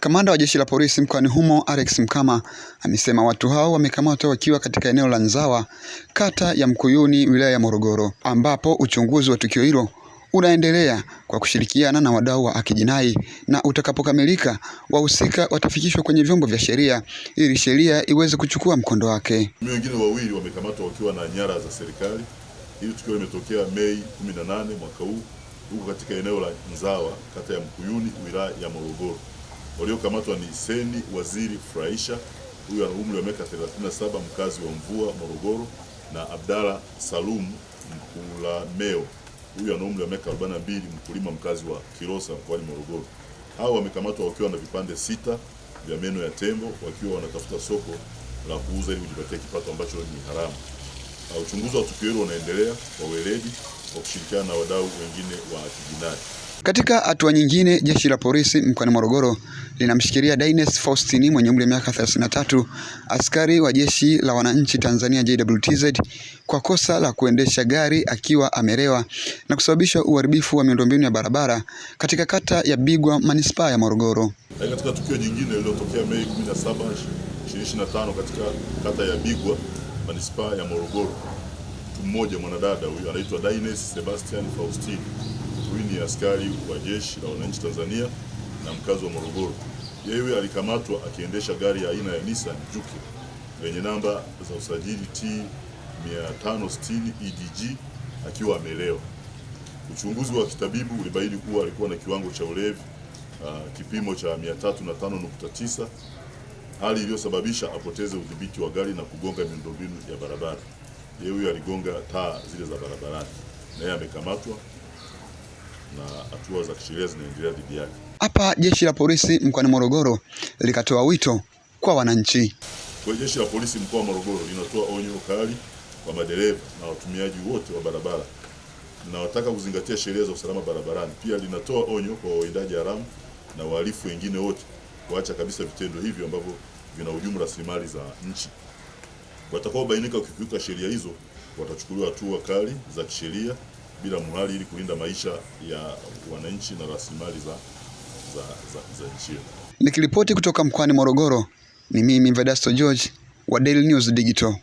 Kamanda wa jeshi la polisi mkoani humo Alex Mkama amesema watu hao wamekamatwa wakiwa katika eneo la Nzawa, kata ya Mkuyuni, wilaya ya Morogoro, ambapo uchunguzi wa tukio hilo unaendelea kwa kushirikiana na wadau wa akijinai na utakapokamilika wahusika watafikishwa kwenye vyombo vya sheria ili sheria iweze kuchukua mkondo wake. Wengine wawili wamekamatwa wakiwa na nyara za serikali. Hili tukio limetokea Mei 18 mwaka huu huko katika eneo la Nzawa, kata ya Mkuyuni, wilaya ya Morogoro. Waliokamatwa ni Seni Waziri Furahisha, huyu ana umri wa miaka 37, mkazi wa Mvua, Morogoro, na Abdalla Salum Mkulameo, huyu ana umri wa miaka 42, mkulima, mkazi wa Kilosa mkoani Morogoro. Hao wamekamatwa wakiwa na vipande sita vya meno ya tembo, wakiwa wanatafuta soko la kuuza ili kujipatia kipato ambacho ni haramu na uchunguzi wa tukio hilo unaendelea kwa weledi kwa kushirikiana na wadau wengine wa kijinai. Katika hatua nyingine, jeshi la polisi mkoani Morogoro linamshikilia Dines Faustini mwenye umri wa miaka 33, askari wa jeshi la wananchi Tanzania JWTZ kwa kosa la kuendesha gari akiwa amelewa na kusababisha uharibifu wa miundombinu ya barabara katika kata ya Bigwa manispaa ya Morogoro. Katika tukio jingine lililotokea Mei 17, 2025 katika kata ya Bigwa manispaa ya Morogoro. Mtu mmoja mwanadada huyu anaitwa Daines Sebastian faustin Huyu ni askari wa jeshi la wananchi Tanzania na mkazi wa Morogoro. Yeye alikamatwa akiendesha gari ya aina ya Nissan Juke lenye namba za usajili T 560 EDG akiwa amelewa. Uchunguzi wa kitabibu ulibaini kuwa alikuwa na kiwango cha ulevi uh, kipimo cha 305.9 hali iliyosababisha apoteze udhibiti wa gari na kugonga miundombinu ya barabara. Yeye huyo aligonga taa zile za barabarani, naye amekamatwa na hatua za kisheria zinaendelea dhidi yake. Hapa jeshi la polisi mkoani Morogoro likatoa wito kwa wananchi. Kwa jeshi la polisi mkoa wa Morogoro linatoa onyo kali kwa madereva na watumiaji wote wa barabara, linawataka kuzingatia sheria za usalama barabarani. Pia linatoa onyo kwa wawindaji haramu na wahalifu wengine wote kuacha kabisa vitendo hivyo ambavyo vina vinahujumu rasilimali za nchi. Watakaobainika kukiuka sheria hizo watachukuliwa hatua kali za kisheria bila muhali ili kulinda maisha ya wananchi na rasilimali za, za, za, za nchi Nikiripoti kutoka mkoani Morogoro, ni mimi Vedasto George wa Daily News Digital.